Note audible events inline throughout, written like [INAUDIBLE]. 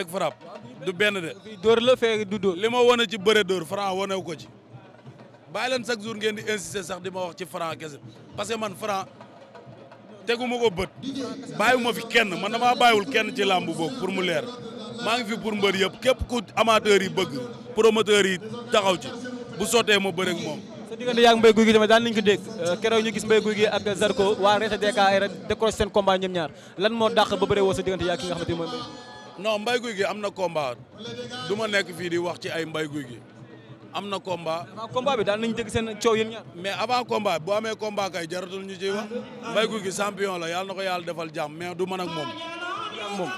ak frappe du benn de. dóor la fee du dóor. li ma wane ci bëre dóor franc wane ko ci bàyyi leen chaque jour ngeen di insister sax di ma wax ci franc kese parce que man tegu ma ko bët bàyyiwuma fi kenn man damaa bàyyiwul kenn ci làmb boog pour mu leer maa ngi fi pour mbër yëpp képp ku amateur yi bëgg promoteur yi taxaw ci bu sottee ma bëre ak moom. sa diggante yaa mbay mbéy guy gi tamit daan nañu ko dégg euh, keroog ñu gis mbéy guy gi ak Zarko waa RTDK décroché seen combat ñoom ñaar lan moo dàq ba bëre woo sa diggante yaa ki nga xamante non mbay guy gi am na combat du ma nekk fii di wax ci ay mbay guy gi am na combat. avant bi daal nañu dégg seen coow yéen ñaar. mais avant combat boo amee combat kay jaratul ñu ci wax mbay guy gi champion la yàlla na ko yàlla defal jàmm mais du man ak moom. moom.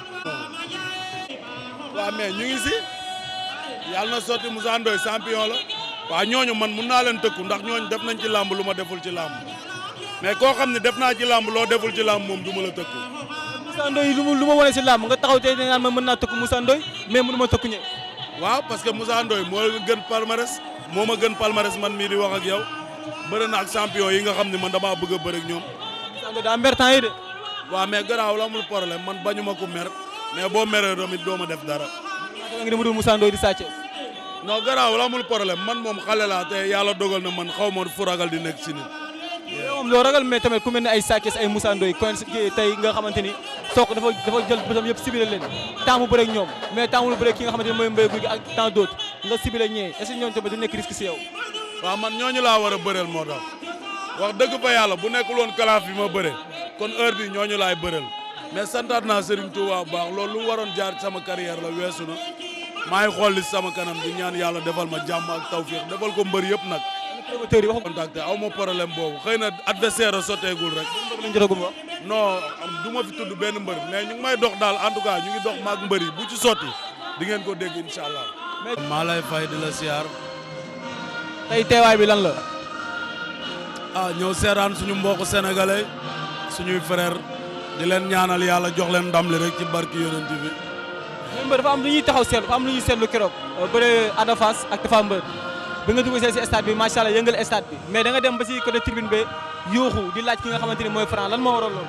waaw mais ñu ngi si yàlla na sotti Moussa Ndoye champion la waaw ñooñu man mun naa leen tëkku ndax ñooñu def nañ ci làmb lu ma deful ci làmb mais koo xam ne def naa ci làmb loo deful ci làmb moom du ma la tëkku. Moussa Ndoye lu mu lu ma wane si làmb nga taxaw tey ne naan ma mën naa tëkk Moussa Ndoye mais mënu ma tëkk waaw parce que Moussa Ndoye moo gën palmarès moo ma gën man mii di wax ak yow bëri na ak nga xam ne man damaa bëgg a ñoom. daa mer temps yi de. waaw mais garaaw la amul man bañu ma mer mais boo meree tamit doo ma def dara. da nga dem du Moussa Ndoye di sàcce. non garaaw la amul problème man moom xale laa te yàlla dogal na man xaw ma fu ragal di nekk si nit. moom loo ragal mais tamit ku Sokh dafa dafa jël bëtam yëpp sibile leen temps mu bëreeg ñoom mais temps mu bëreeg ki nga xamante ne mooy Mbaye ak tant d'autres nga sibile ñee est-ce que du nekk risque si yow waaw man ñooñu war a bëreel moo tax wax dëgg fa yàlla bu nekk loon kalaaf bi ma bëre kon heure bi ñooñu laay bëreel mais santaat na Serigne Touba bu baax loolu lu waroon jaar sama carrière la weesu na maa ngi xool li sama kanam di ñaan yàlla defal ma jàmm ak tawfiq defal ko mbër yëpp nag contacté aw ma problème boobu xëy na adversaire a sotteegul non du ma fi tudd benn mbër mais ñu ngi may dox daal en tout cas ñu ngi dox maag mbër yi bu ci sotti di ngeen ko dégg incha allah. maa lay fay di la siyaar. tey teewaay bi lan la. ah ñëw seetaan suñu mbokku sénégalais suñuy frère di leen ñaanal yàlla jox leen ndam li rek ci barki yonent bi. mais mbër dafa am lu ñuy taxaw seetlu dafa am lu ñuy seetlu keroog. Euh, bëre Ada Fass ak Tapha Mbeur bi nga dugg see si stade bi macha allah yëngal stade bi mais da nga dem ba si côté tribune bi. yuuxu di laaj ki nga xamante ni mooy Franc lan moo waral loolu.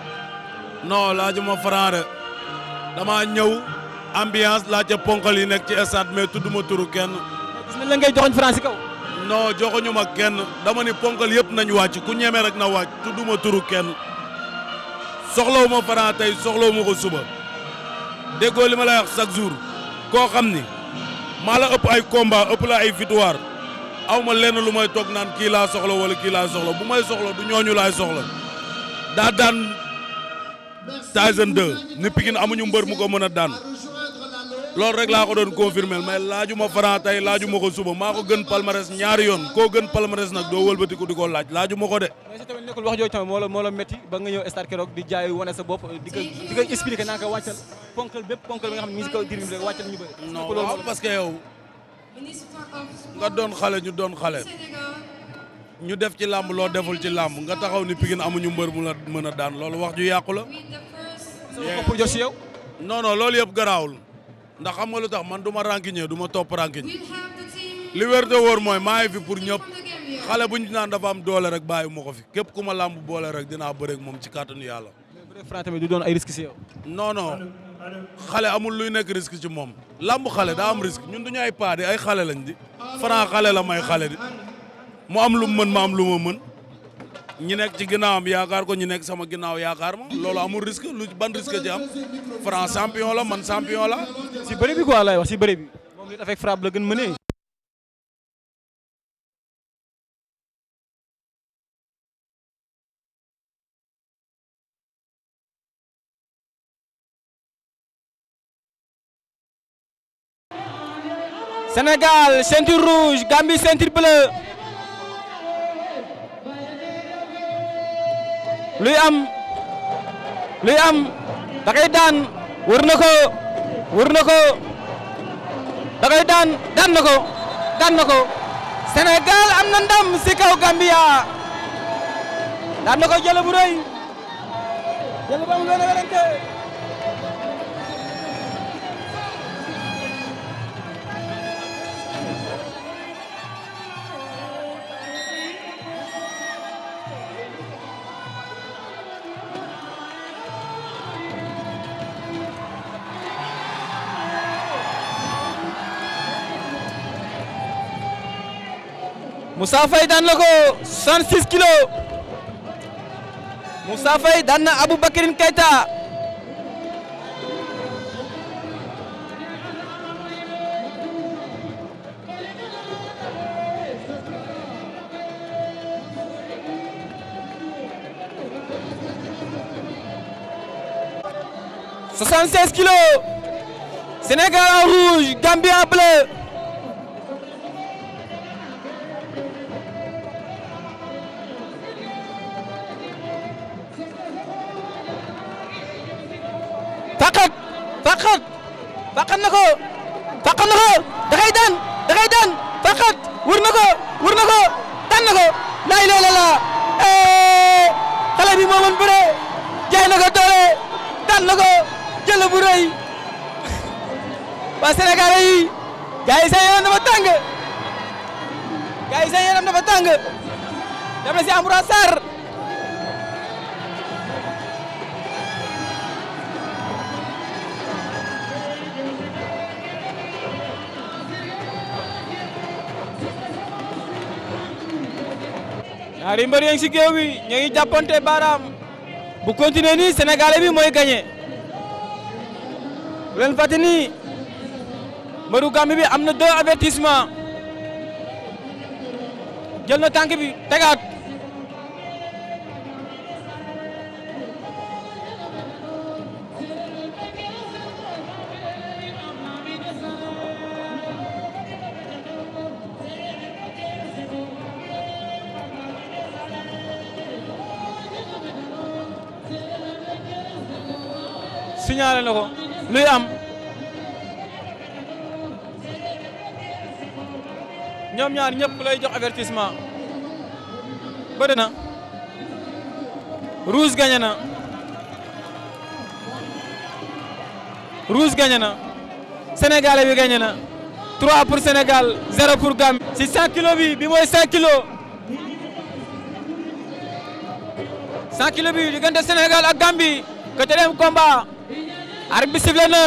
non laajuma Franc de dama ñëw ambiance laaj ponkal yi nekk ci stade mais tudduma turu kenn. gis nañ la ngay joxoñ Franc si kaw. non joxuñu ma kenn dama ni ponkal yëpp nañ wàcc ku ñeme rek na wàcc tudduma turu kenn soxlawu ma Franc tey soxlawu ma ko suba déggoo li ma lay jour koo xam ni maa la ëpp ay combat ëpp la ay victoire. aw ma lenn lu may toog naan kii laa soxla wala kii laa soxla bu may soxla du ñooñu laay soxla daa daan Tyson 2 ni Pikine amuñu mbër mu ko mën a daan loolu rek laa ko doon confirmer mais laaju ma Franc tey laaju ma ko suba maa ko gën palmarès ñaari yoon koo gën palmarès nag doo wëlbatiku di ko laaj laaju ma ko de. mais si tamit nekkul wax ba nga ñëw stade keroog di jaay wane sa bopp di ko di ko expliquer naa ko wàccal ponkal bépp ponkal bi nga xam ne mi ngi si kaw rek wàccal ñu nga doon xale ñu doon xale ñu def ci làmb loo deful ci làmb nga taxaw ni Pikine amuñu mbër mu la mën a daan loolu wax ju yàqu la. pour jot si yow. non loolu yëpp garaawul ndax xam ma lu tax man du ma rankiñee du topp rankiñ li wér mooy maa ngi fi pour ñëpp xale bu ñu naan dafa am doole rek bàyyi ma ko fi képp ku ma làmb boole rek dinaa bëreeg moom ci kàttanu yàlla. mais doon ay risques xale amul luy nekk risque ci moom lamb xale daa am risque ñun duñu ay paa di ay xale lañ di Franc xale la may xale di mu am lu mu mën ma am lu ma mën ñi nekk ci ginnaawam yaakaar ko ñi nekk sama ginnaaw yaakaar ma loolu amul risque lu ban risque ci am Franc champion la man champion la si bëri bi quoi lay wax si bëri bi moom nit avec frappe la gën mënee Sénégal ceinture rouge Gambie ceinture bleue luy am luy am da daan wër na ko wër na da koy daan daan na ko daan na ko Sénégal am na ndam si kaw Gambia daan na ko jël Moussa Faye daan na ko 66 kilos Moussa Faye daan na Aboubacarine Keita rouge Gambie en faqat faqat na ko faqat na ko da koy daan da koy daan faqat wër na ko wër na ko daan na eh, jaay na doole daan na ko jël bu rëy [LAUGHS] waa Sénégal yi gars yi seen yaram dafa tàng gars yi seen si Amoura Sarr ñaari mbër yaa si géew bi ñu ngi jàppante bu continuer nii Sénégal bi mooy gagné bu leen fàtte nii mbëru Gambie bi am na deux avertissement jël na tànk bi tegaat. signalé na ko luy am ñoom ñaar ñëpp lay jox avertissement bëri na rouge gagné na rouge gagné na sénégalais bi gagné na 3 pour Sénégal 0 pour Gambie si 100 kilo bi bi mooy 100 kilo 100 kilo bi diggante Sénégal ak Gambie quatrième combat arbitre bi sifflé na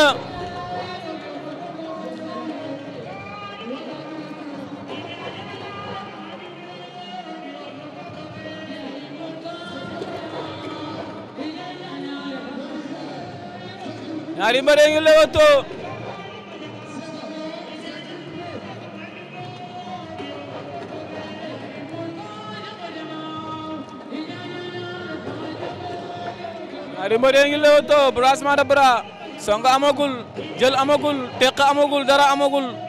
ñaari mbër yi ngi lewatoo ñaari mbër yi ngi lewatoo brassement de bras song amagul jël amagul teq amagul dara amagul